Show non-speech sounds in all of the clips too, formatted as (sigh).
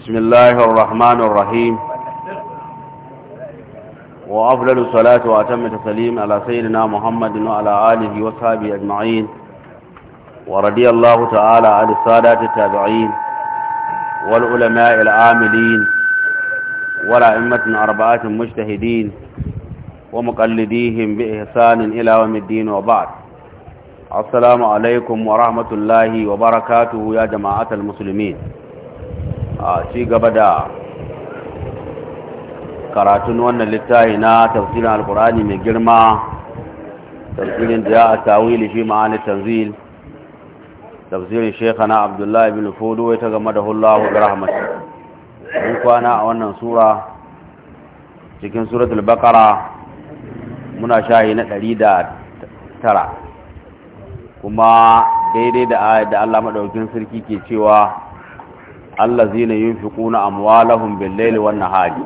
بسم الله الرحمن الرحيم وأفضل الصلاة وأتم التسليم على سيدنا محمد وعلى آله وصحبه أجمعين ورضي الله تعالى عن السادات التابعين والعلماء العاملين والأئمة أربعة مجتهدين ومقلديهم بإحسان إلى يوم الدين وبعد السلام عليكم ورحمة الله وبركاته يا جماعة المسلمين a ci gaba da karatun wannan littafi na tafsirin alkurani mai girma tafsirin da ya a tawili fi ma'ani tanzil tafsirin shekana abdullahi bin fudu ya ta game da hullahu da rahmatu mun kwana a wannan sura cikin suratul bakara muna shahi na ɗari da tara kuma daidai da Allah maɗaukin sarki ke cewa allazina yunfiquna amwalahum bil-layli wan-nahari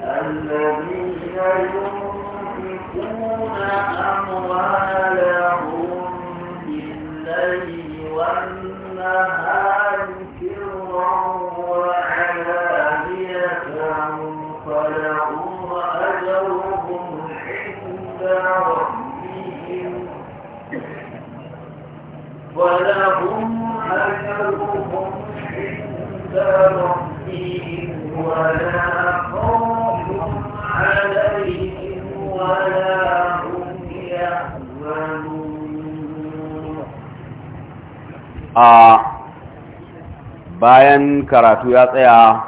الذين ينفقون أموالهم بالليل والنهار هالكرا وعلا bayan karatu ya tsaya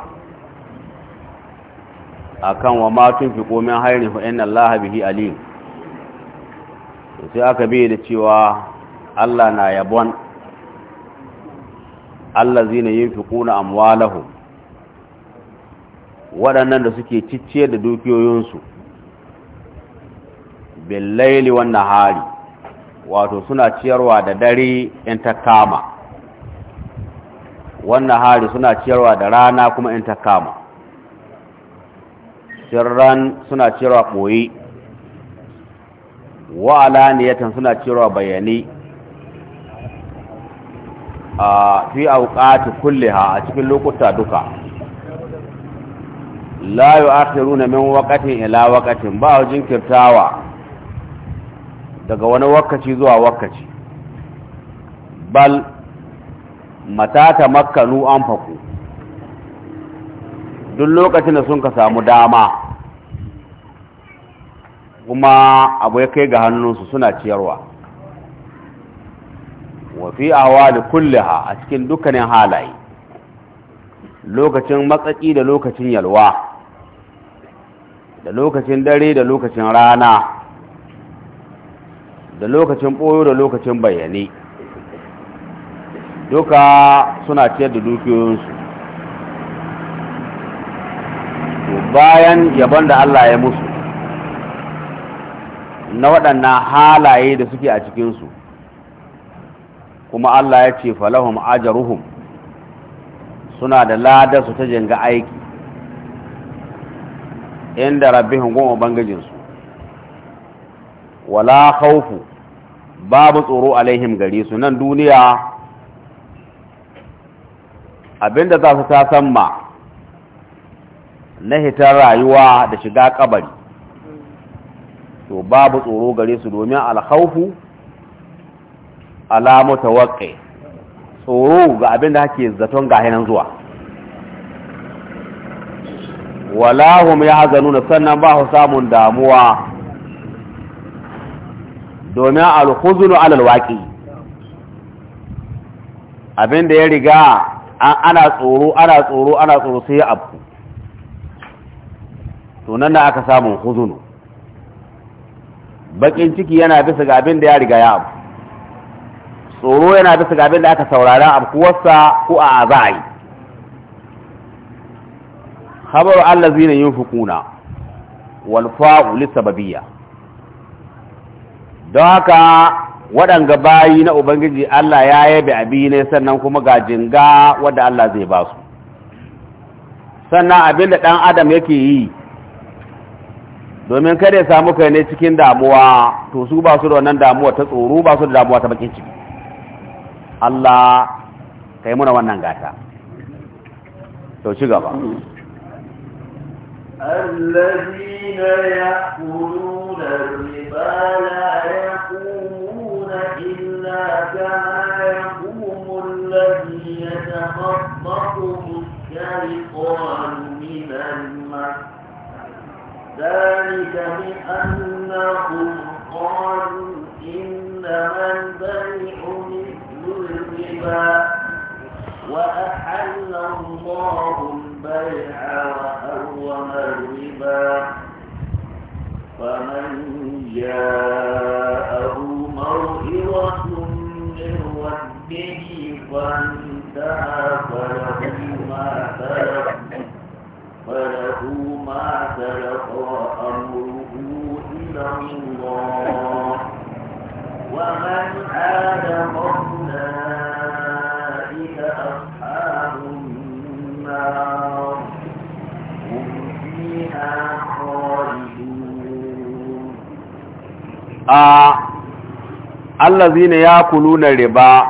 a kan wa matun fi komen hairin fa’in Allah bihi alim sai aka bi da cewa Allah na yabon Allah yin fi kuna amwalahu. waɗannan da suke cicciyar da dukiyoyinsu bin laili wannan hari wato suna ciyarwa da dare in ta kama wannan hari suna ciyarwa da rana kuma in ta kama sirran suna ciyarwa ɓoye wa alaniyatan suna ciyarwa bayani a fi auƙati kulliha a cikin lokuta duka la runa min wakatin ila wakatin ba jinkirtawa daga wani wakaci zuwa wakaci bal mata ta makkanu an faku duk lokacin da sun ka samu dama kuma abu ya kai ga hannunsu suna ciyarwa wafi awa da kulliha a cikin dukkanin halaye lokacin matsaki da lokacin yalwa da lokacin dare da lokacin rana da lokacin ɓoyo da lokacin bayyane duka suna ciyar da dukiyoyinsu bayan yabon da Allah ya musu na waɗannan halaye da suke a cikinsu kuma Allah ya ce falahum ajaruhum suna da ladarsu ta janga aiki inda rabbihim goma bangajinsu wala khawfu babu tsoro alaihim gare su nan duniya abinda za su tasan ma na hitar rayuwa da shiga kabari to babu tsoro gare su domin alhaufu alamu tawakkai tsoro ga abinda hake zaton gahinan zuwa walahum ya zanuna sannan ba su samun damuwa domin alhuzunu alalwaki abinda ya riga ana tsoro ana tsoro ana tsoro sai ya abu to nan na aka samu huzunu bakin ciki yana bisa ga abin da ya riga ya abu tsoro yana bisa ga abin da aka saurara kuwarsa ko a za a yi habaru yin hukuna walfa'u lissa babiya don haka waɗanga bayi na ubangiji Allah ya yabe abi ne sannan kuma ga jinga wadda Allah zai ba su sannan abin da ɗan adam yake yi domin kada ya samu kai ne cikin damuwa to su ba su da wannan damuwa ta tsoro ba su da damuwa ta bakin ciki Allah ka yi muna wannan gata to ci gaba الذين يأكلون الربا لا يقومون إلا كما يقوم الذي يتخطفه الشيطان من المس ذلك بأنهم قالوا إنما البيع مثل الربا وأحل الله البيع وحرم الربا فمن جاءه موئرة من ربه فانتهى فله ما سلف فله ما سلف وأمره إلى الله ومن عاد فأولئك أصحاب Allah zina allazina yakuluna riba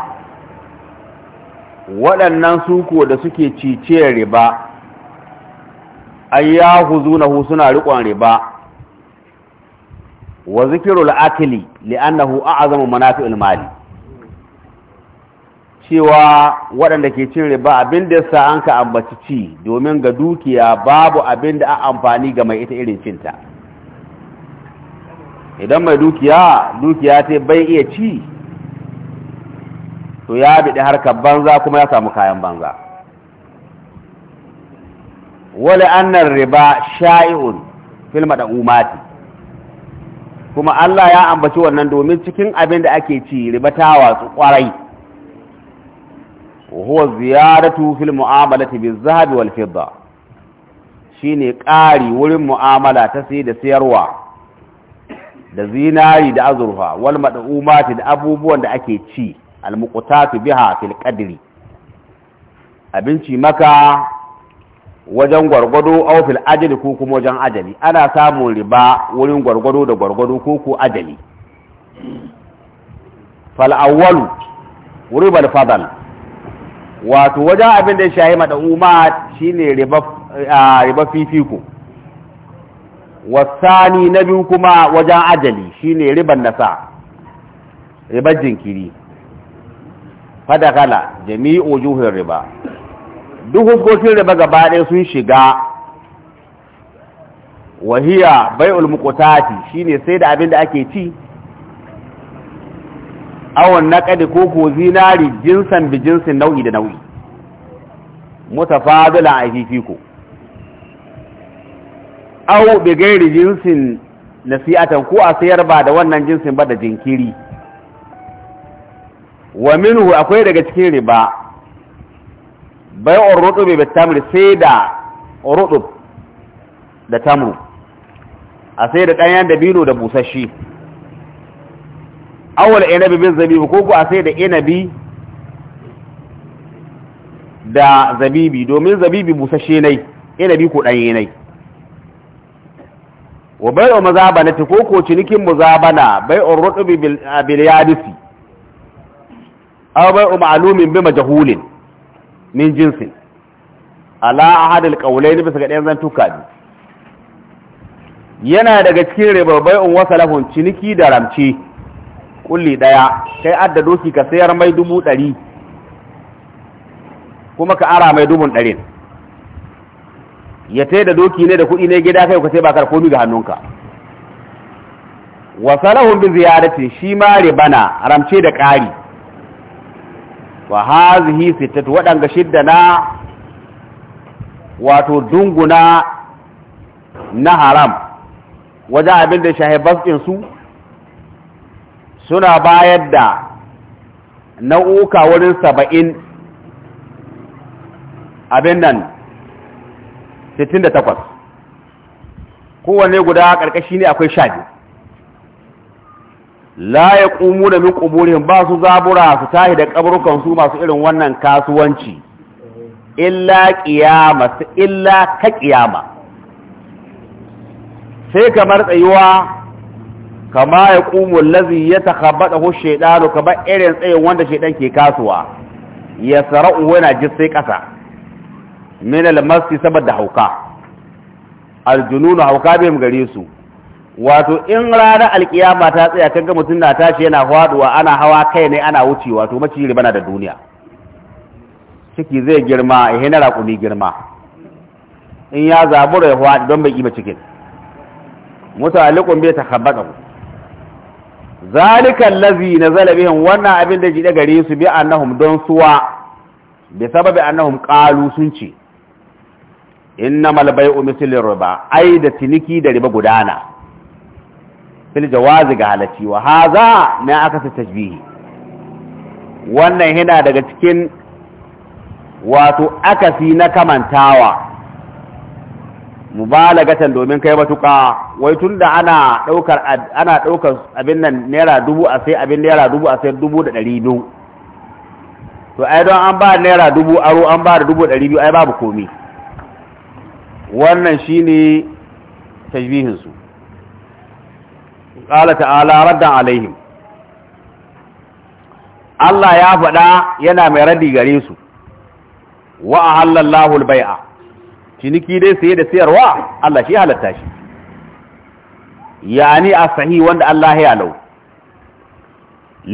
waɗannan suko da suke cice riba ayyahuzunahu suna riƙon riba wa zikirul akili li'annahu a'zamu manafi mali cewa waɗanda ke cin riba abin da yasa an ka ambaci ci domin ga dukiya babu abin da a amfani ga mai ita irin cinta idan mai dukiya dukiya ta bai iya ci to ya biɗi harkar banza kuma ya samu kayan banza wale annar riba sha'i'un filma da umati kuma Allah ya ambaci wannan domin cikin abin da ake ci riba ta watsu kwarai huwa ziyaratu fil mu'amalati biz zahabi wal fidda shine ƙari wurin mu'amala ta sai da sayarwa da zinari da azurfa wal mad'umati da abubuwan da ake ci al muqtati biha fil qadri abinci maka wajen gwargwado aw fil ajali ko kuma wajen ajali ana samun riba wurin gwargwado da gwargwado ko ko ajali fal awwalu riba al fadl wato wajen abin da ya shahi mad'umat shine riba riba fifiko wasani na biyu kuma wajen ajali shine riban sa ribar jinkiri kala jami'u juhin riba duk huskokin riba gaba ɗaya sun shiga wahiya bai'ul muqtati shine sai da abin da ake ci awon naqadi ko ko zinari jinsan bi jinsin nau'i da nau'i mutafadila a fifiko au bi gairi jinsin nasi'atan ko a sayar ba da wannan jinsin ba da jinkiri wa minhu akwai daga cikin riba bai'ur rutub bi tamr sai da rutub da tamr a sai da da dabino da busashi awal inabi bin zabibu ko ko a sai da inabi da zabibi domin zabibi busashe nai inabi ko ɗanye nai wa bai wa mazabana ko koko cinikin muzabana bai'u rutubi bil yadisi aw wa ma'alumin bi majahulin min jinsin ala ahad al ne bisa ga ɗayan zantuka ne yana daga cikin riba wasa lafun ciniki da ramci kulli daya kai adda doki ka sayar mai dubu ɗari kuma ka ara mai dubun ɗarin ya tai da doki ne da kuɗi ne gida kai ka ba bakar komi ga hannunka wa salahun bi ziyaratin shi ma ribana ramce da ƙari wa hazihi sittatu waɗanga shidda na wato dunguna na haram wajen abin da shahibas su suna bayar da na'uka wurin saba'in abin nan 68 kowanne guda karkashi ne akwai sha biyu la ya ƙumu da min ƙuburihim ba su zabura su tahi da ƙabarukan su masu irin wannan kasuwanci illa ƙiyama su illa ka ƙiyama sai kamar tsayuwa kama ya ƙumu lazi ya takabbata hu shaidanu kamar irin tsayin wanda shaidan ke kasuwa ya sara'u yana jisai ƙasa min almasi saboda hauka aljununu hauka bai gare su wato in ranar alkiyama ta tsaya kan ga mutum na tashi yana faduwa ana hawa kai ne ana wucewa to maci ribana da duniya ciki zai girma ya hina raƙumi girma in ya zabura ya faɗi don bai ba cikin mutalikun bai ta habbaka ku zalikan lazi na zalabihin wannan abin da jide gare su bi annahum don suwa bi sababi annahum ƙalu sun ce inna bai'u mislir riba ai da ciniki da riba gudana fil jawazi ga halacci wa haza ma aka fi tajbihi wannan yana daga cikin wato akasi na kamantawa mubalagatan domin kai matuƙa wai tun da ana ɗaukar ana daukar abin nan naira dubu a sai abin naira dubu a sai dubu da ɗari biyu to ai don an ba naira dubu aro an ba da dubu ɗari biyu ai babu komi wannan shine tajbihin su qala ta'ala radda alaihim Allah ya faɗa yana mai raddi gare su wa ahallallahu al-bai'a ciniki dai saye da sayarwa Allah shi halatta shi yani a sahi wanda Allah ya lau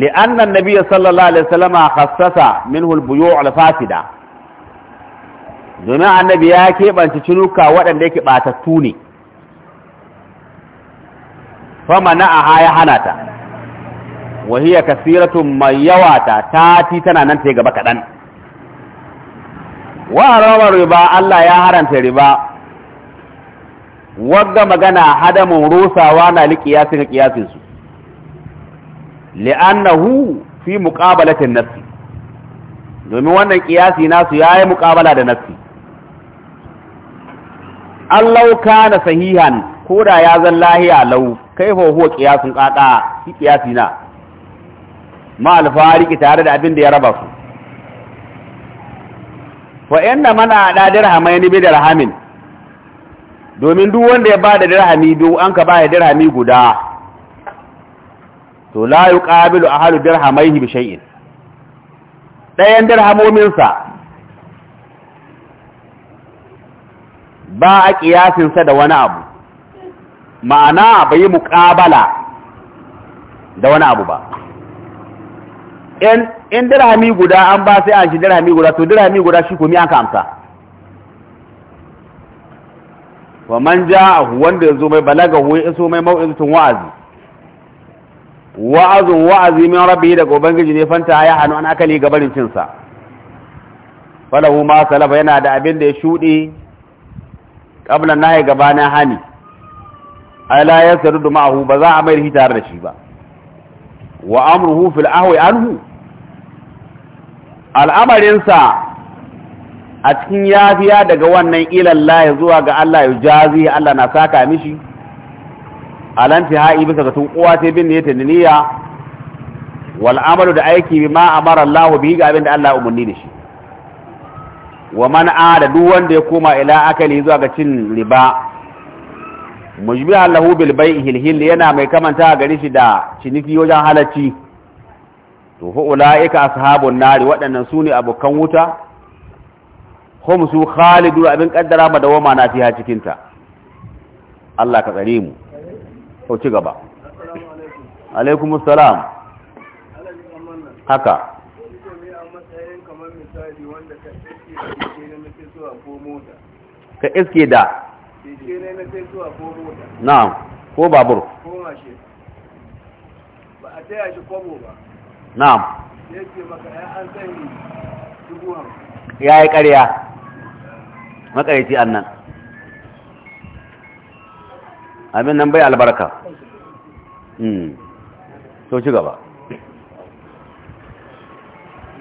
li'anna an-nabiy sallallahu alaihi wasallam khassasa minhu al-buyu' al-fasida domin annabi ya keɓance cinuka waɗanda yake ɓatattu ne fama na a ya hana ta wahiyar kasiratun mai yawa ta tati tana nan ta gaba kaɗan warawar riba Allah ya haranta riba wadda magana hadamin rusawa na liƙiyasin ƙiyasinsu li'annahu fi muƙabalatin nassi domin wannan ƙiyasi nasu ya yi muƙabala da nassi lauka na sahihan ko da ya zan lahiya lau kai fa huwa qiyasun qata shi qiyasi na ma alfariki tare da abin da ya raba su fa inna man ada dirhamain bi dirhamin domin duk wanda ya ba da dirhami biyu an ka bada dirhami guda to la yuqabilu ahlu dirhamaihi bi shay'in dayan dirhamomin sa ba a ƙiyasinsa da wani abu ma'ana bai yi muƙabala da wani abu ba in dirhami guda an ba sai an shi dirhami guda to dirhami guda shi kumi aka amsa. wa man ja'ahu wanda zo mai balaga hu iso mai mau'izatun wa'azi wa'azun wa'azi min rabbi daga ubangiji ne fanta ya hanu an akali gabarin cinsa falahu ma salafa yana da abin da ya shuɗe na ya gabana hani ala yasrudu ma'ahu ba za a mai shi tare da shi ba wa amruhu fil ahwi anhu al'amarinsa a cikin yafiya daga wannan ilallahi zuwa ga Allah ya jazi Allah na saka mishi alanti ha'i bisa ga tunkuwa sai bin ta niyya wal amalu da aiki bi ma amara Allah bi ga abin da Allah umarni da shi wa man da duk wanda ya koma ila akali zuwa ga cin riba mujbiha lahu bil bai'i yana mai kamanta gari shi da ciniki wajen halacci to fa ulaika ashabun nari waɗannan ne abokan wuta hum su khalidu abin kaddara madawama na fiha cikin ta Allah ka tsare mu to ci gaba alaikum salam haka ka iske da Na, ko babur ba a taya shi kwabo ba na'am ya yi ƙarya makarici annan abin nan bai albarka hmm. to ci gaba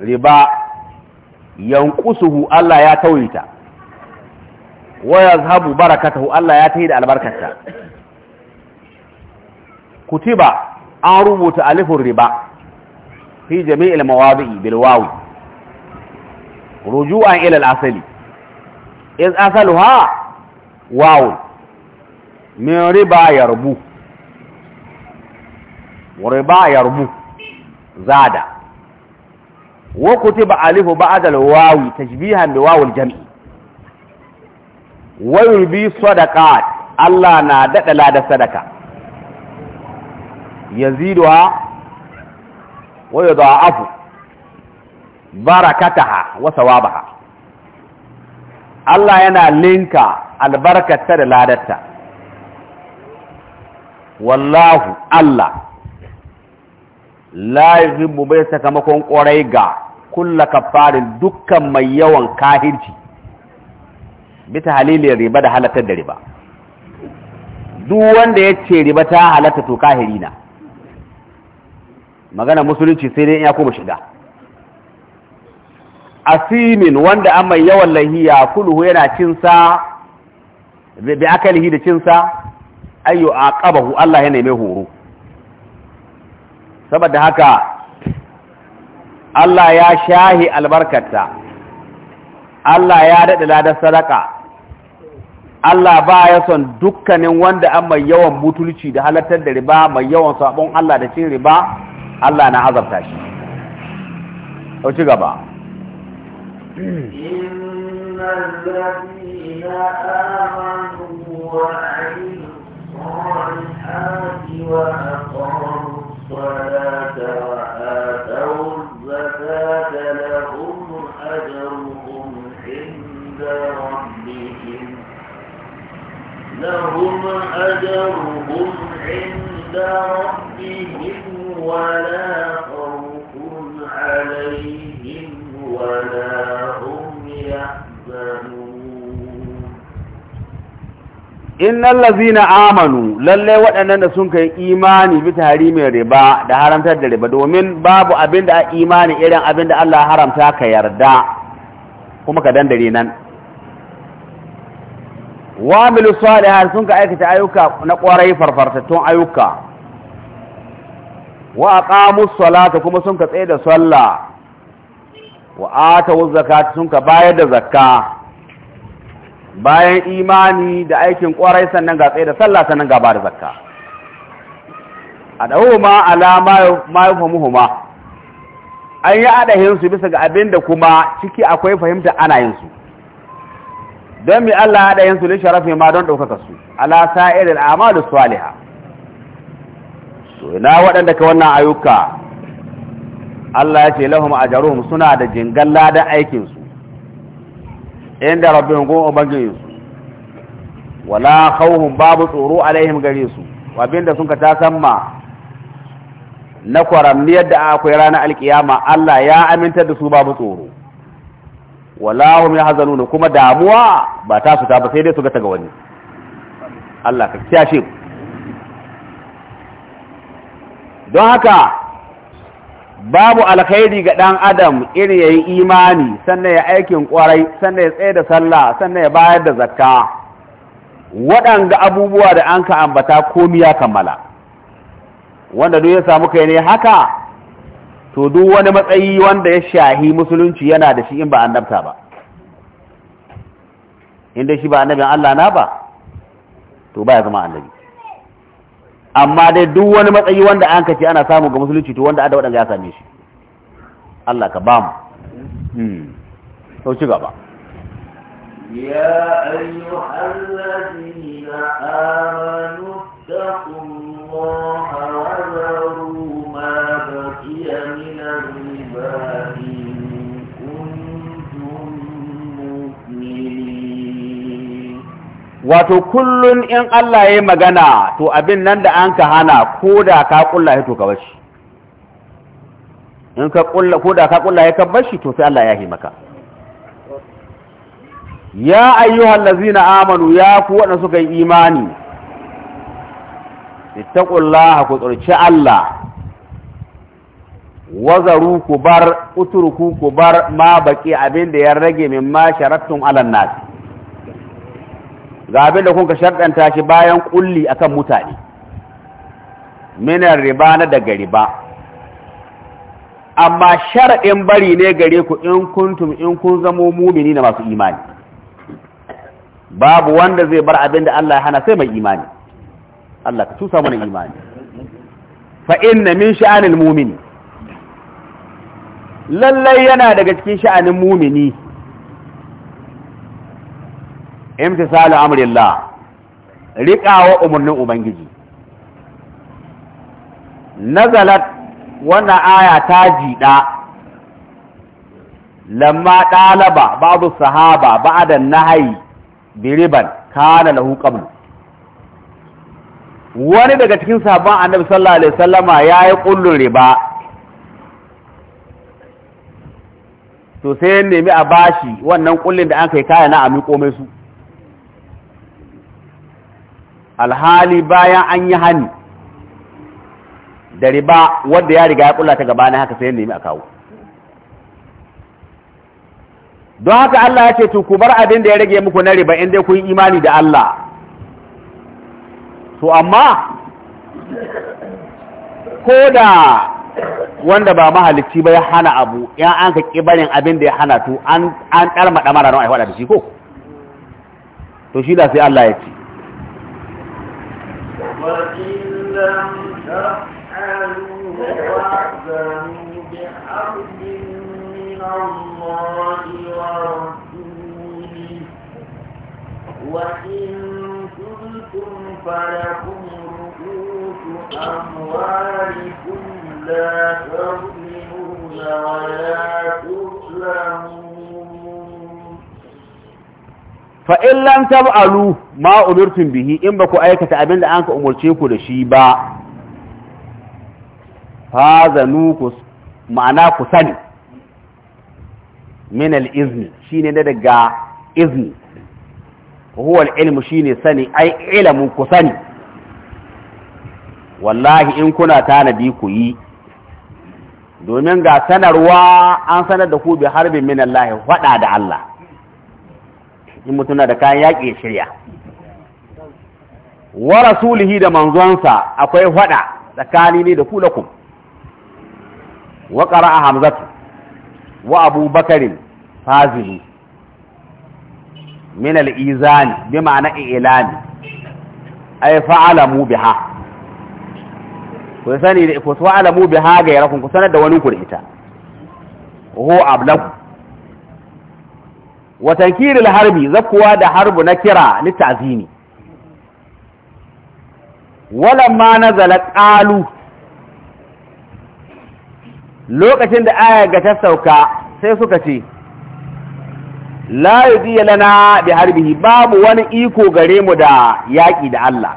riba yanqusuhu Allah ya tawaita wa yazhabu barakatahu Allah ya tayi da albarkarta kutiba an rubuta alifin riba fi jami'il mawadi'i bil wawi ruju'an ila al-asali iz asaluha waw min riba yarbu riba yarbu zada wa kutiba alifu ba'da al-wawi tajbihan bi wawul jam'i wa yurbi sadaqat Allah na dada lada sadaka yaziduha wa yudha'afu barakataha wa sawabaha Allah yana linka albarkata da ladarta wallahu Allah la bai sakamakon ƙwarai ga kulla kafarin dukkan mai yawan kahirci bita halilin riba da halatar da riba duk wanda ya ce riba ta halatta to kahiri na magana musulunci sai dai ya koma shiga asimin wanda an mai yawan lahiya kulhu yana cinsa bi akalihi da cinsa ayyu aqabahu Allah ya nemi horo saboda haka Allah ya shahi albarkarta Allah ya daɗe ladar sadaka Allah ba ya son dukkanin wanda an yawan butulci da halartar da riba mai yawan sabon Allah da cin riba Allah na azabta shi au ci gaba innal ladina amanu wa amilus أجرهم عند ربهم ولا خوف عليهم ولا هم يحزنون إن الذين آمنوا للي وأننا سنك إيماني بتحريم الربا ده حرمت الربا دومين باب أبند إيماني إلى أبند الله حرام حرمتك يردا kuma ka dandare nan wa milu salihan sun ka aikata ayyuka na ƙwarai farfartattun ayyuka wa aqamu salata kuma sun ka tsaye da sallah wa atawu zakata sun ka bayar da zakka bayan imani da aikin ƙwarai sannan ga tsaye da sallah sannan ga ba da zakka ma ala ma an yi adahinsu bisa ga abin da kuma ciki akwai fahimta ana yin su don mi Allah haɗa yin ne sharafi ma don ɗaukaka su ala sa'irin amalu saliha to na waɗanda ka wannan ayyuka Allah ya ce lahum ajruhum suna da jingan ladan aikin su inda rabbihum gun ubangijin su wala khawhum babu tsoro alaihim gare su abinda sun ka ta samma na kwaramni da akwai ranar alkiyama Allah ya amintar da su babu tsoro wala hum yahzanun kuma damuwa ba ta su ta ba sai dai su ga ta ga wani Allah ka kiyashe ku don haka babu alkhairi ga ɗan adam irin yayi imani sannan ya aikin kwarai sannan ya tsaye da sallah sannan ya bayar da zakka waɗanda abubuwa da an ka ambata komi ya kammala wanda duk ya samu kai ne haka to duk wani matsayi wanda ya shahi musulunci yana da shi in ba annabta ba inda shi ba annabin Allah na ba to ba ya zama annabi amma dai duk wani matsayi wanda an kace ana samu ga musulunci to wanda adawa wadanda ya same shi Allah ka ba mu hmm. to ci gaba يا أيها الذين آمنوا اتقوا الله وذروا ما بقي من الربا إن كنتم مؤمنين wato kullun in Allah ya magana to abin nan da an ka hana ko da ka kulla ya to ka bashi in ka kulla ko da ka kulla ya ka bashi to sai Allah ya yi maka ya ayyuhal lazina amanu ya ku wadanda suka yi imani ittaqullaha ku tsorci Allah wazaru ku bar uturku ku bar ma baki abin ya rage min ma sharattum alan nas ga abinda da kun ka sharɗanta shi bayan kulli akan mutane minar riba na daga riba amma shar'in bari ne gare ku in kuntum in kun zamo mumini na masu imani babu wanda zai bar abin da Allah ya hana sai mai imani Allah ka tusa mana imani fa inna min sha'anil mu'mini lallai yana daga cikin sha'anin mumini imtisalu amrillah riqawa umurnin ubangiji nazalat wannan aya ta jida lamma ɗalaba babu sahaba ba'da nahayi biriban kana lahu qablu wani daga cikin sahabban annabi sallallahu alaihi wasallama yayi kullun riba to sai ya nemi a bashi wannan kullin da an kai kaya na ami komai su alhali bayan an yi hani da riba wanda ya riga ya kulla ta gaba na haka sai ya nemi a kawo don haka Allah ya ce to ku bar abin da ya rage muku na riba in dai kun imani da Allah to amma ko da wanda ba mahalicci ba ya hana abu ya an ka kibarin abin da ya hana to an an karma damara don ai da shi ko to shi da sai Allah ya ce Allah وإن كنتم فلكم رؤوس أموالكم لا تظلمون ولا فإن لم تفعلوا ما أمرتم به إن بكو أيكة أبين لأنك أمرتكم لشيبا هذا نوكس ma'ana ku من الإذن شيني ندقى إذن huwa ilmu shine sani ai ilmu ku sani wallahi in kuna tanadi ku yi domin ga sanarwa an sanar da ku bi harbin min Allah faɗa da Allah in mutuna da kayan yaƙi ya shirya wa rasulihi da manzonsa akwai faɗa tsakani ne da ku lakum wa qara'a hamzatu wa abubakarin fazili min al-izani bi ma'ana ilani ay fa'alamu biha ku sani ku fa'alamu biha ga yarakun sanar da wani ku da ita ho ablahu wa tankiril harbi zakuwa da harbu na kira ni ta'zimi walamma nazala qalu lokacin da aya ta sauka sai suka ce la yudiya lana bi harbihi babu wani iko gare mu da yaƙi da Allah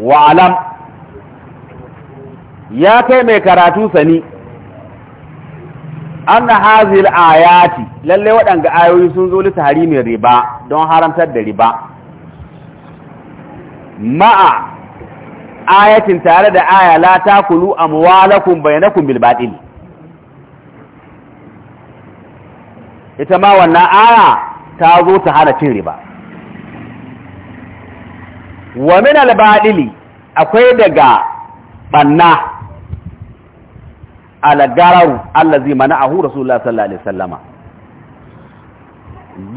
wa ya kai mai karatu sani anna hazil ayati lalle waɗanda ayoyi sun zo li tahrimin riba don haramtar da riba ma'a ayatin tare da aya la takulu amwalakum bainakum bil batil ita ma wannan aya ta zo ta hana cin riba wa min albadili akwai daga banna algararu allazi mana'ahu rasulullah sallallahu alaihi wasallama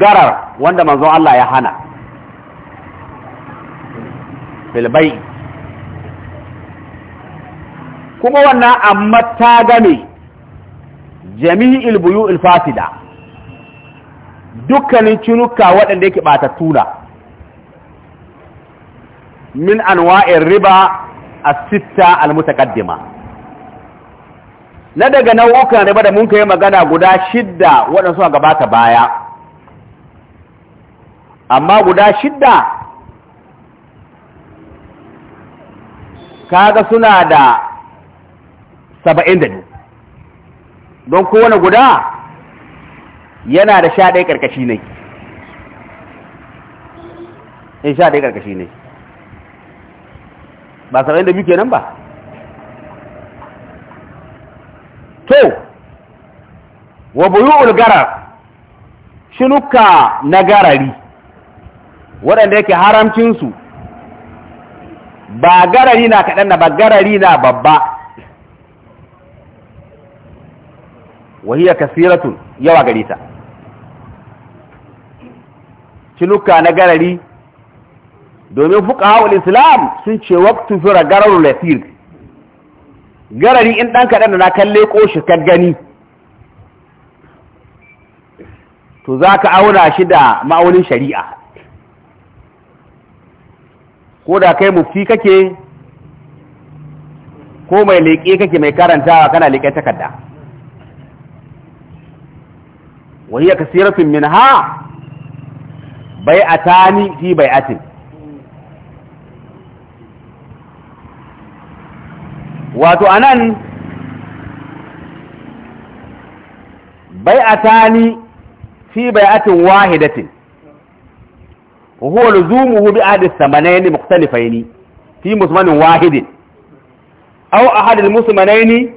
garar wanda manzon Allah ya hana filbai kuma wannan amma ta game jami'il buyu fasida dukkanin cinuka waɗanda yake ɓata tuna min wa’in riba a sitta ƙaddima, na daga nau'ukan riba da mun kai magana guda shidda waɗansu a gabata baya amma guda shidda kaga suna da saba'in da don kowane guda yana da sha ɗaya ƙarƙashi ne in eh, sha ɗaya ƙarƙashi ne ba saba'in da biyu nan ba to wa buyu ulgara shinuka na garari waɗanda yake haramcinsu ba garari na kaɗan na ba garari na babba wahiyar kasiratun yawa garita Cinuka na garari domin fuka hawa islam sun ce waktu zura gararu lafir garari in ɗan kaɗan da na kalle ko shi ka gani to za ka auna shi da ma'aunin shari'a ko da kai mufti kake ko mai leƙe kake mai karantawa kana leƙe takarda wani ya kasiratun min ha bai a tani fi bai atin wato a nan bai a tani fi bai atin wahidatin huwal zumu hu bi adis samanaini muktalifaini fi musmanin wahidin au ahadil musmanaini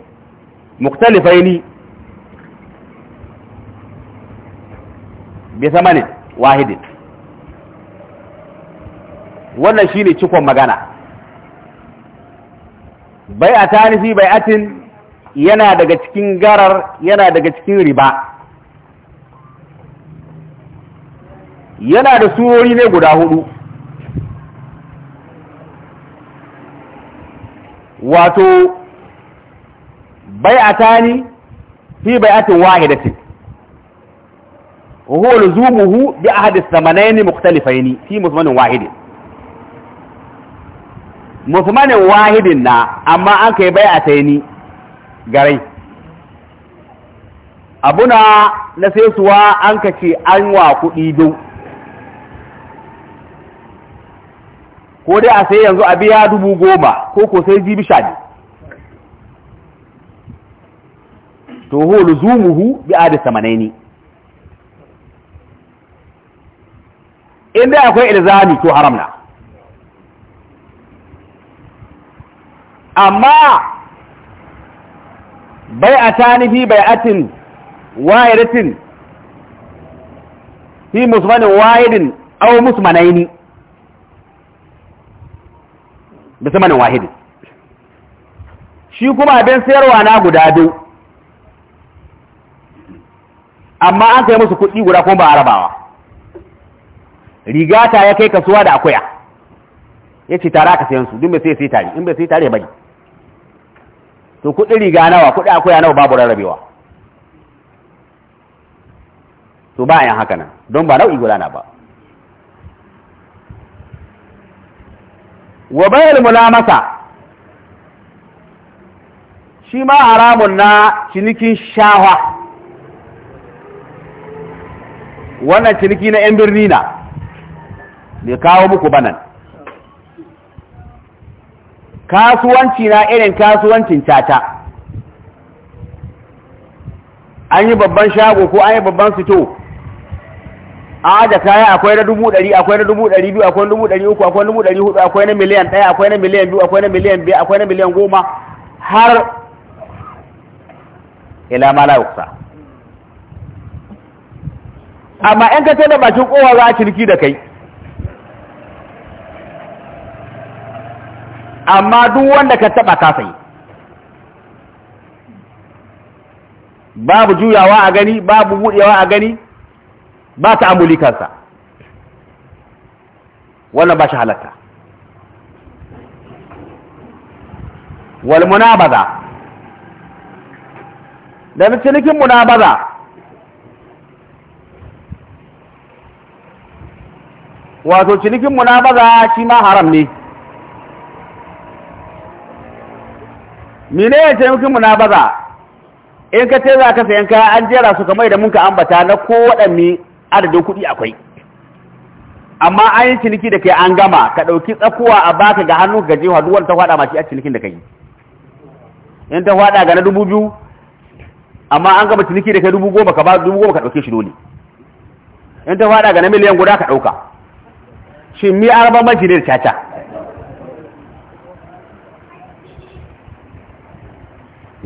muktalifaini bi samanin wahidin wannan shi ne cikon magana bai a tanifi bai atin yana daga cikin garar yana daga cikin riba yana da surori ne guda hudu wato bai a tani fi bai atin wahidatin وهو لزومه بأحد الثمنين مختلفين fi musamman واحد musulmanin wahidin na amma an kai bai a taini garai abuna na sai suwa an ka ce an wa kuɗi do ko dai a sai yanzu a biya dubu goma ko ko sai jibi sha ne to hu luzumuhu bi adi samanaini in dai akwai ilzami to haram na amma bai a tanifi bai atin wayaratin fi musmanin wahidin au musmanaini da samanin wahidin shi kuma abin sayarwa na guda biyu amma an kai musu kuɗi guda kuma ba a rabawa rigata ya kai kasuwa da akuya ya ce tara ka sayansu su duk mai sai sai tare in bai sai tare ya bari to kuɗi riga nawa kuɗi akwai nawa babu rarrabewa to ba yan haka nan don ba nau'i guda na ba wa bayar mulamasa shi ma haramun na cinikin shawa wannan ciniki na 'yan birni na kawo muku banan kasuwanci na irin kasuwancin cata an yi babban shago ko an yi babban fito a da kaya akwai na dubu ɗari akwai na dubu ɗari biyu akwai na dubu ɗari uku akwai na dubu ɗari hudu akwai na miliyan ɗaya akwai na miliyan biyu akwai na miliyan biyu akwai na miliyan goma har ila ma la amma in ka sai da bakin kowa za a ciniki da kai amma duk wanda ka taba ka sai babu juyawa a gani babu budewa a gani ba ta amuli kansa wannan ba shi halatta wal munabaza da cinikin munabaza wato cinikin munabaza shi ma haram ne mine ya taimakon mu na baza in ka ce za ka sayan kaya an jera su kamar da muka ambata na ko waɗanne adadin kuɗi akwai amma an yi ciniki da kai an gama ka ɗauki tsakuwa a baka ga hannu ga jiwa duwar ta faɗa masu a cinikin da kai in ta faɗa ga na dubu biyu amma an gama ciniki da kai dubu goma ka ba dubu goma ka ɗauke shi dole in ta faɗa ga na miliyan guda ka ɗauka shin mi arba bambanci ne da caca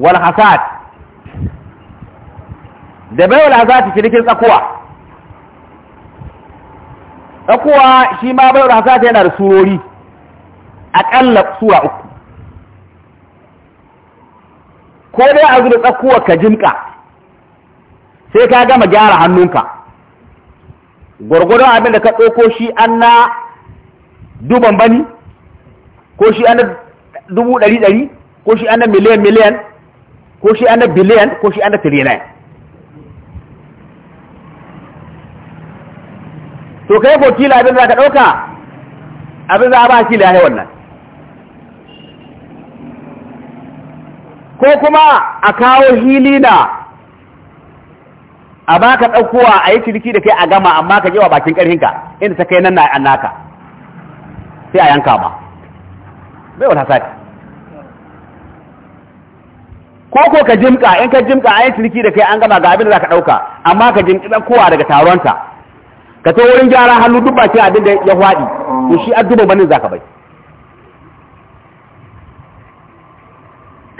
wal hasad da bai wal hasad cinikin tsakuwa tsakuwa shi ma bai wal hasad yana da surori aƙalla sura uku ko dai a zuba tsakuwa ka jimka sai ka gama gyara hannunka gwargwadon abin da ka tsoko shi an na duban bani ko shi an na dubu ɗari ɗari ko shi an na miliyan miliyan ko shi ana biliyan ko shi ana tiriliyan to kai ko kila abin za ka ɗauka abin za a ba kila ya wannan ko kuma a kawo hili na a ka ɗaukowa a yi ciniki da kai a gama amma ka jewa bakin ƙarfinka inda ta kai nan na naka sai a yanka ba bai wata sati ko ko ka jimka in ka jimka ayi ciniki da kai an gama ga abin da zaka dauka amma ka jimki dan kowa daga taronta ka to wurin gyara hannu duk bakin abin da ya fadi to shi addubo banin zaka bai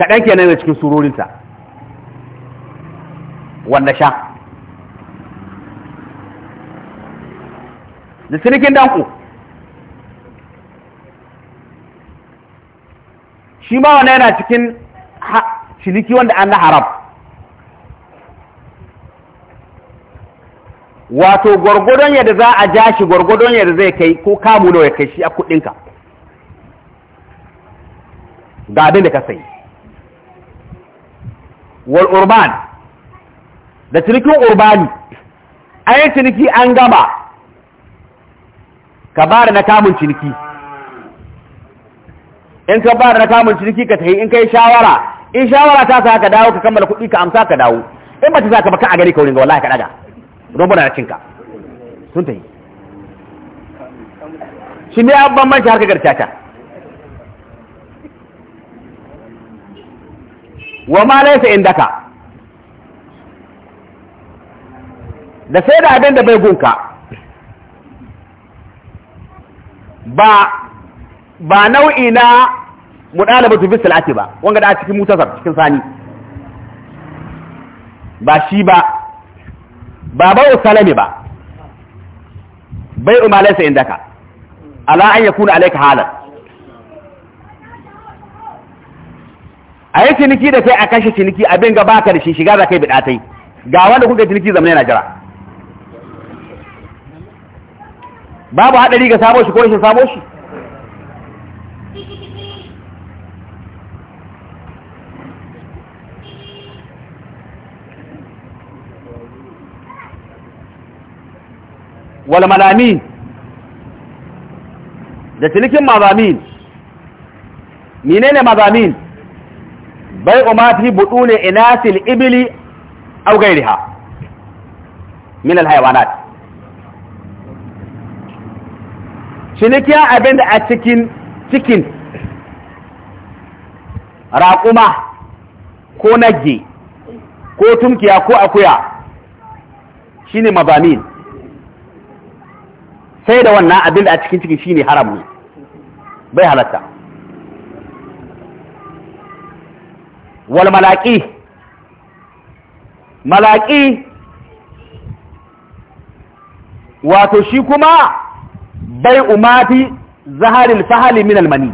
kaɗan kenan da cikin surorinta wanda sha da sirikin danko shi ma wannan yana cikin ciniki wanda an na haram wato gwargwadon yadda za a ja shi gwargwadon yadda zai kai ko kamu nawa ya kai shi a kudinka ga abin da ka sayi wal urban da cinikin urbani a yi ciniki an gama ka ba da na kamun ciniki in ka ba da na kamun ciniki ka tafi in kai shawara in shawara ta sa ka dawo ka kammala kuɗi ka amsa ka dawo in ba ta ba ka a gari ka wurin ga wallahi ka daga don bana cinka sun ta yi shi ne abban man har ka garcata wa ma laisa indaka da sai da abin da bai gunka ba ba nau'i na mu ba tufi salati ba wanga da a cikin mutasar cikin sani ba shi ba ba o salami ba o malaisa inda ka ala an alaika alayka A yi ciniki da kai a kashe ciniki abin ga baka da shi shiga za kai bidatai ga wanda kuka ciniki na jira. babu haɗari ga sabo shi ko shi sabo shi wal malamin da cinikin mazamin menene mazamin bai umati budune inasil ibili aw gairiha min al hayawanat cinikin abin da a cikin cikin raƙuma ko nagge ko tumkiya ko akuya shine mazamin sai da wannan abin da a cikin ciki shine haram ne bai halatta wal malaki malaki wato shi kuma bai umati zaharil fahali min almani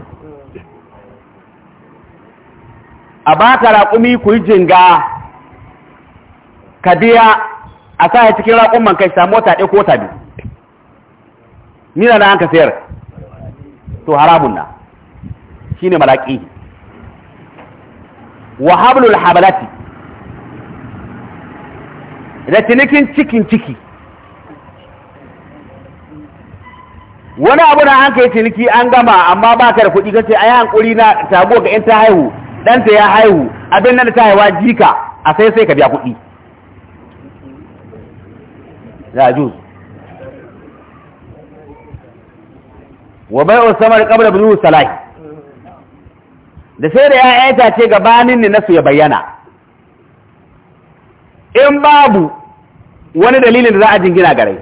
a baka raƙumi ku jinga ka a sa cikin raƙuman kai samu wata ɗaya ko ta biyu nina da an ka sayar to harabun na shine malaki wa hablul habalati da cinikin cikin ciki wani abu na an kai ciniki an gama amma ba ka da kuɗi kace ai hankuri na tago ga in ta haihu ɗanta ya haihu abin nan da ta haihuwa jika a sai sai ka biya kuɗi la juzu wa bai'u samar qabla bulu salahi da sai da ya'ya ce gabanin ne nasu ya bayyana in babu wani dalilin da za a jingina gare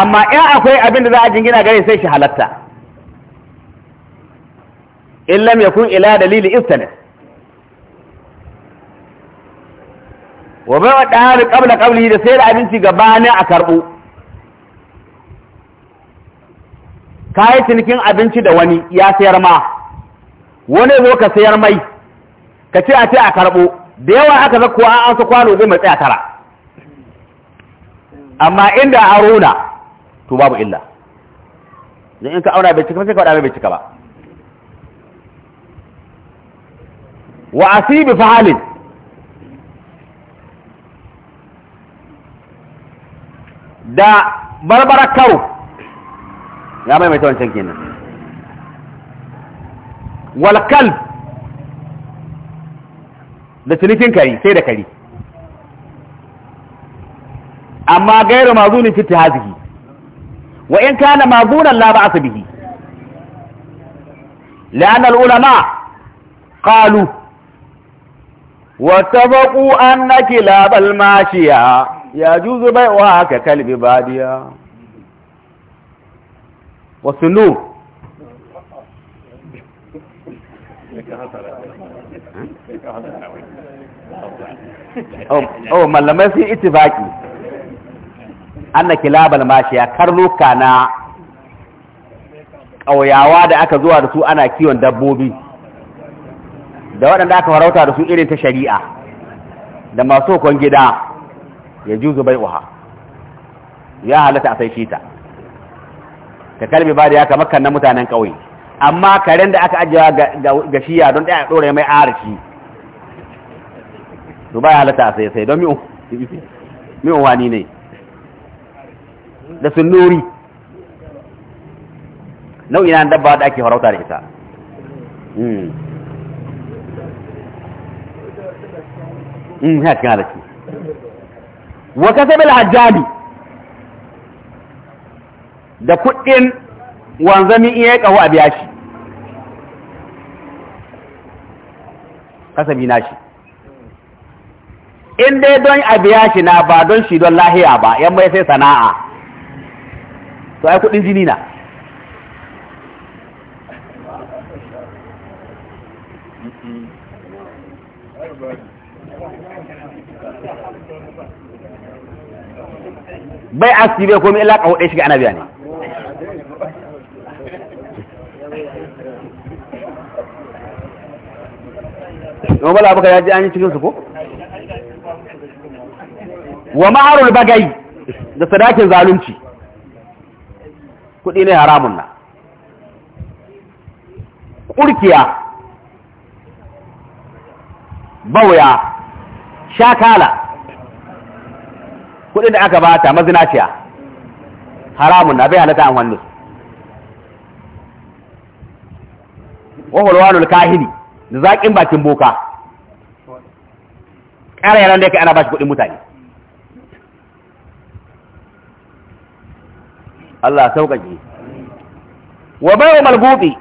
amma in akwai abin da za a jingina gare sai shi halatta in lam yakun ila dalili istanis wa bai'u dahar qabla qabli da sai da abinci gabanin a karɓo. ka yi cinikin abinci da wani ya sayar ma wani zo ka sayar mai ka ce a ce a karɓo da yawa aka zakuwa an su kwano mai tsaya tara amma inda a rona to babu illa zai in ka auna bai cika sai ka faɗa bai cika ba wa asibi fahalin da barbarar karo ya maimaita wancan kenan wal kalb da cinikin kari sai da kari amma gairu mazunin fiti haziki wa in kana mazunan la ba'as bihi لأن العلماء قالوا واتفقوا أن كلاب الماشية يجوز haka ككلب بادية wasu nur oh, oh malamai sun itifaki ana kilabal mashiya karnuka na ƙauyawa da aka zuwa da su ana kiwon dabbobi da waɗanda aka farauta da su irin ta shari'a da masu kwan gida ya juzu bai uha ya halatta a sai shi ta ka kalbi ba da ya kamar kan mutanen ƙauye amma karen da aka ajiya ga shiya don ɗaya ɗora mai arki Su ba ya halatta sai sai don mi'un wani ne da sunnuri nau'i na dabba da ake farauta da ita in haka halatti wa kasabal hajjali da kuɗin wanzami iya ya a biya shi kasabi na shi in dai don a biya shi na ba don shi don lahiya ba yan mai sai sana'a to ai kuɗin jini na bai asiri ko mai ila ƙaho shiga ana biya ne kuma bala abuka ya ji an yi cikinsu ko wa ma'arul bagai da sadakin zalunci kuɗi ne haramun na ƙurkiya bauya shakala kuɗi da aka bata mazinaciya haramun na bai halatta an wannan wahulwanul kahini da zaƙin bakin boka ƙara yaran da kai ana bashi kuɗin mutane Allah sauƙaƙe wa bai'u malgubi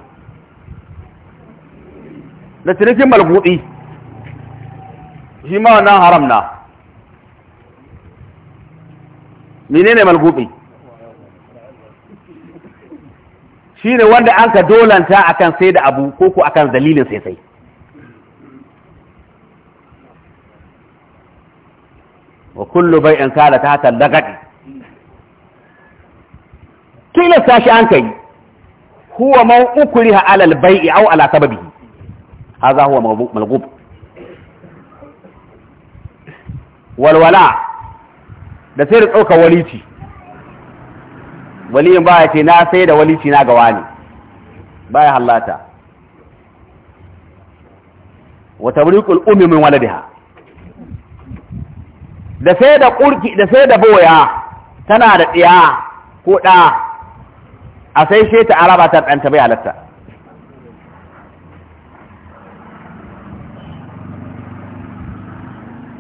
da cinikin malgubi shi ma wannan haram na menene malgubi shine wanda an ka dolanta akan sai da abu ko ko akan dalilin sai sai wa kullu bai'in kana ta hatal lagadi tilasta shi an kai huwa man ukriha ala al bai'i aw ala sababihi walwala da sai da ɗaukar walici waliyin ba ya ce na sai da walici na gawa ne ba ya hallata wata burikul umimin waladiha da sai da ƙurki da sai da boya tana da tsiya ko ɗa a sai shi ta araba ta ɗanta bai halatta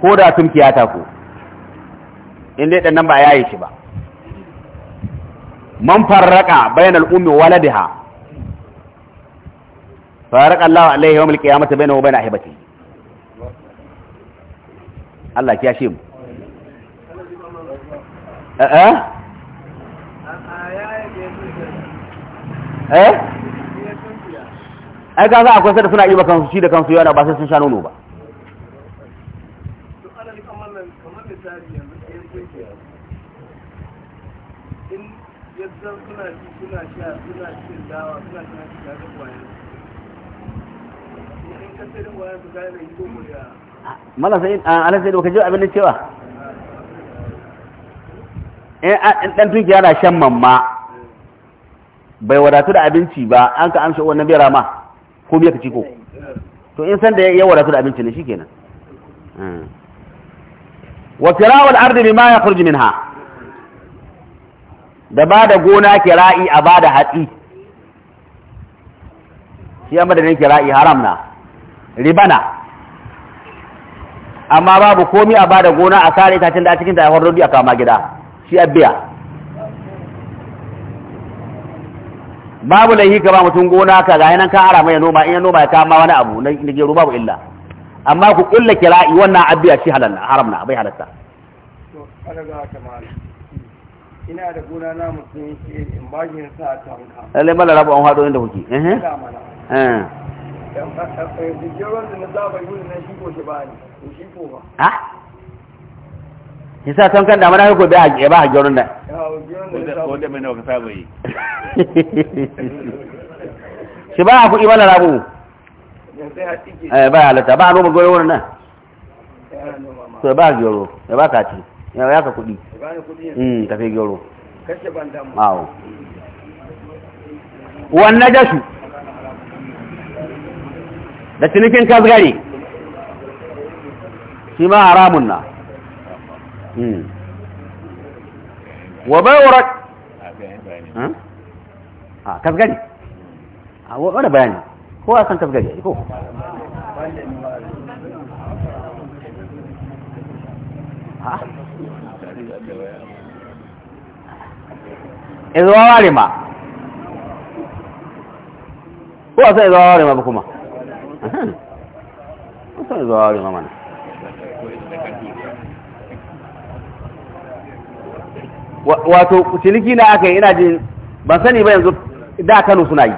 ko da tumkiya ta ko in dai ɗan nan ba yi shi ba man farraka bainal ummi waladiha farraka Allah wa Allah ya yi wa bayan ahibati Allah ya shi mu eh eh ai za a kwasa da suna yi ba kansu shi da kansu yana ba sai sun sha nono ba idan ka sai da kwayan abin da cewa in ɗan tunki yana shan mamma bai wadatu da abinci ba an ka amshi wannan bera ma ko biya ka ci ko to in san da ya wadatu da abinci ne shikenan hmm. wa kirawul ardi bima yakhruju minha da ba da gona kira'i a ba da hatsi shi amma da ne kira'i haram na ribana amma babu komi a ba da gona a sare itacen da a cikin ta ya horo a kama gida shi abiya babu laihi ka ba mutum gona ka ga yanan kan arama ya noma in ya noma ya kama wani abu na gero babu illa amma ku kulla kira'i wannan abiya shi haram na bai halatta ina da gona na mutum shi in ba shi sa tanka lalle mala rabu an hado inda kuke eh eh na zaba na shi ko shi kisa ton kan da ko be a ba a jorun da ko da mena ka saba yi (laughs) shi ba ku ibala rabu eh ba alata ba no goyo to ba goro ya ba kati ya ya ka kudi mm ka fi goro kace ban damu jasu da cinikin kasgari shi ma haramun na wa bayurak a kasgari a wadda bayani ko a san kasgari ko izuwa wa ma ah, ah, ko a san izuwa ma ba kuma a san izuwa ware ma mana wato ciniki na aka yi ina jin ban sani ba yanzu da Kano suna yi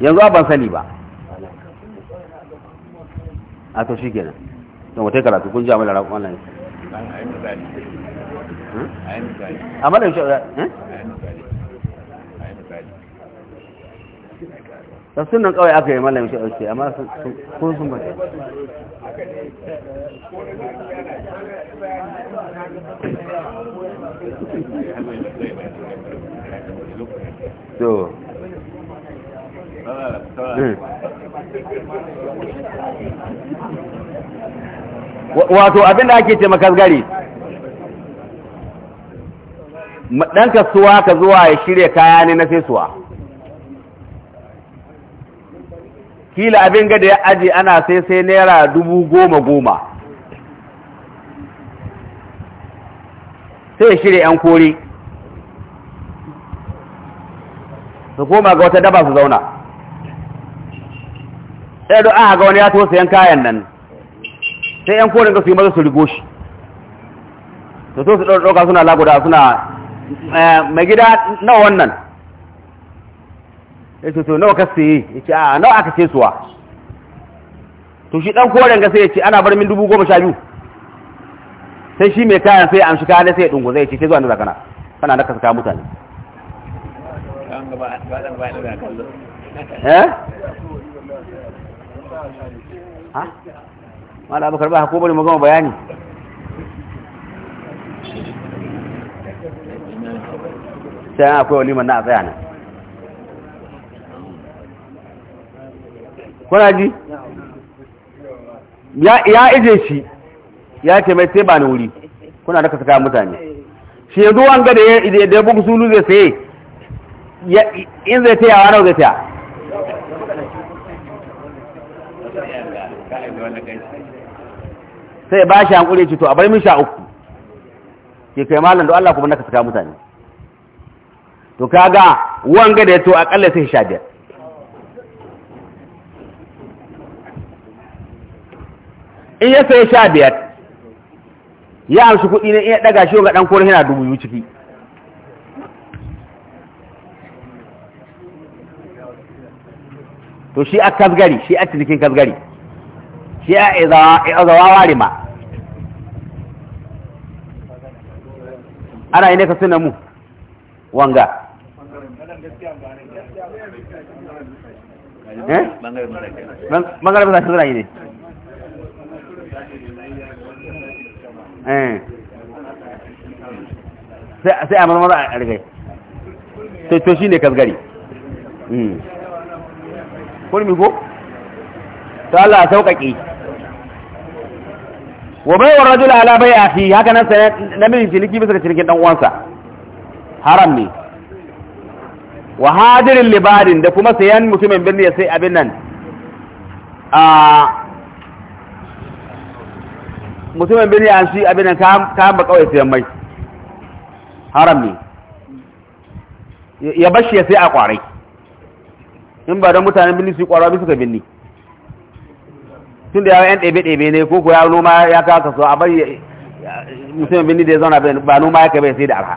yanzu a ban sani ba a to shi kenan don wata karatu kun ji hmm? a malara online a yi. shi eh? hmm? da sunan kawai aka yi malam shi ɗauke amma sun sun ba to hmm. wato abinda ake ce makasgari ɗan kasuwa ka zuwa ya shirya kaya ne na fesuwa kila abin gada ya aji ana sai sai naira dubu goma goma sai ya shirya yan kori su koma ga wata daba su zauna sai da an ga wani ya tosa yan kayan nan sai yan korin ga su yi maza su rigo shi su to su ɗauka suna laguda suna eh, mai gida na wannan ya to nawa ka saye ya ce a ah, nawa aka ce suwa to shi dan koren ga sai ya ce ana bar min dubu goma sha biyu sai shi mai kayan sai an shi kayan sai ya dungu zai ce ke zuwa na zakana kana naka saka mutane eh ha mala abu karba ko bari magana bayani sai akwai waliman na a tsaya nan kuna ji ya ije shi ya ce mai sai ba ni wuri kuna da kasa kayan mutane shi yanzu wanga da ya da buku sulu zai sai in zai taya wa nau zai taya sai ba shi hankuli ce to a bar min sha uku ke kai malam da Allah kuma na kasa kayan mutane to kaga wanga da ya to akalla sai sha biyar in ya saya sha biyar ya amshi kuɗi ne in ya ɗaga shi ga ɗan kore yana dubu biyu ciki to shi a kasgari shi a cikin kasgari shi a ware rima ana yi ne ka suna mu wanga eh? Eh. sai a marmara a rikai sai to shi ne kasgari hmm. kulmi ko? ta Allah a sauƙaƙe wa bai wa rajula ala bai a fi haka nan sai namijin ciniki bisa da cinikin ɗan uwansa haram ne wa hadirin libadin da kuma sayan mutumin birni ya sai abin nan a ah, mutumin ya shi abin nan kayan ba kawai sayan mai haram ne ya bashi ya sai a kwarai in ba don mutanen birni su yi kwarai suka birni tunda da yawon yan ɗebe-ɗebe ne ko ya noma ya kawo kaso a bari mutumin birni da ya zauna ba noma ya ya sai da arha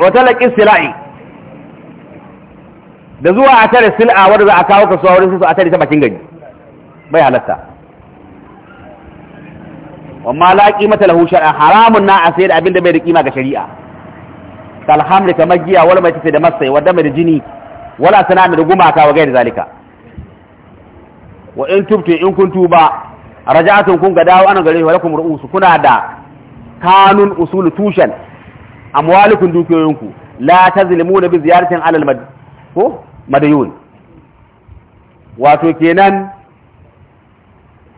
wata laƙin sila'i da zuwa a tare sil'a wadda za a kawo kasuwa wurin su a tare ta bakin gari bai halatta amma la qimata lahu shar'a haramun na a sayar da da bai da kima ga shari'a kalhamri kamar giya wal mai tafi da masai wadda mai da jini wala mai da gumaka wa gairi zalika wa in tubtu in kun tuba raja'atun kun ga dawo ana gare wa lakum ru'usu kuna da kanun usul tushan amwalukum dukiyoyinku la tazlimuna bi ziyaratin alal mad ko madayun wato kenan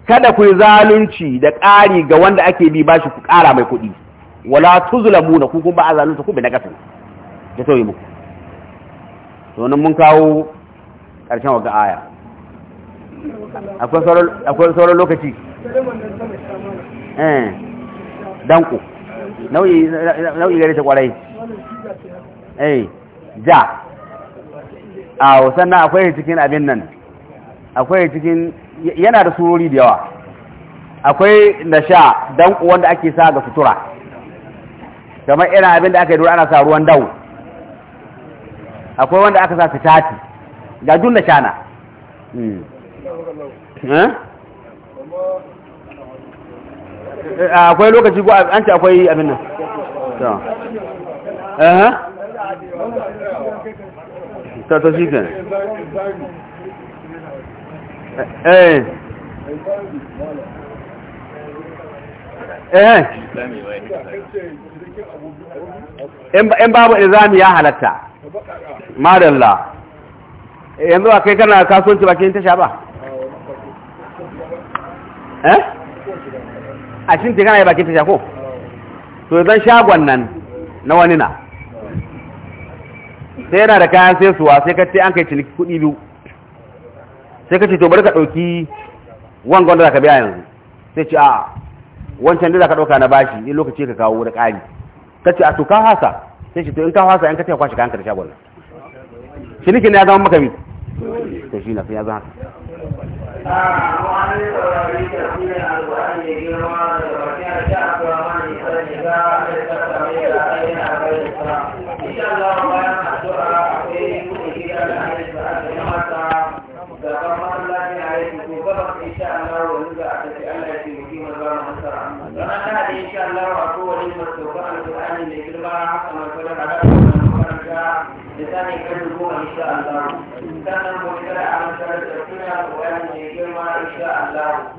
kada ku zalunci da ƙari ga wanda ake bi bashi ku ƙara mai kuɗi wala tuzlamu na kun ba a zalunta ku bi na kasan ya sauyi muku to nan mun kawo ƙarshen waga aya akwai sauran lokaci eh danko nau'i gare ta kwarai eh ja a sannan akwai cikin abin nan akwai cikin yana da surori da yawa akwai na sha dan wanda ake sa ga sutura kamar irin abin da aka yi dole ana sa ruwan dawo akwai wanda aka sa fitati ga dun sha na hmm. eh? akwai lokaci ko an ce akwai abin nan ta shi kan eh eh in babu izami ya halatta madalla yanzu a kai kana kasuwanci bakin tasha ba eh a cikin kana bakin tasha ko to zan shagon nan na wani na sai yana da kayan sai suwa sai ka ce an kai ciniki kuɗi biyu sai ka ce to bari ka ɗauki wanga wanda za ka biya yanzu sai ce a wancan da za ka ɗauka na bashi ne lokaci ka kawo da ƙari ka ce a to ka hasa sai ce to in ka hasa in ka ce kwashe kayan ka da shagon nan ciniki ne ya zama makami to shi na sai ya zama haka. Ah, sannan mu kira a masarar da suna wani girma insha Allah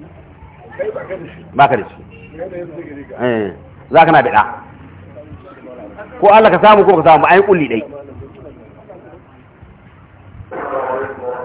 ba ka da shi eh, za ka na bida ko Allah ka samu ko ka samu ba ayin kulli dai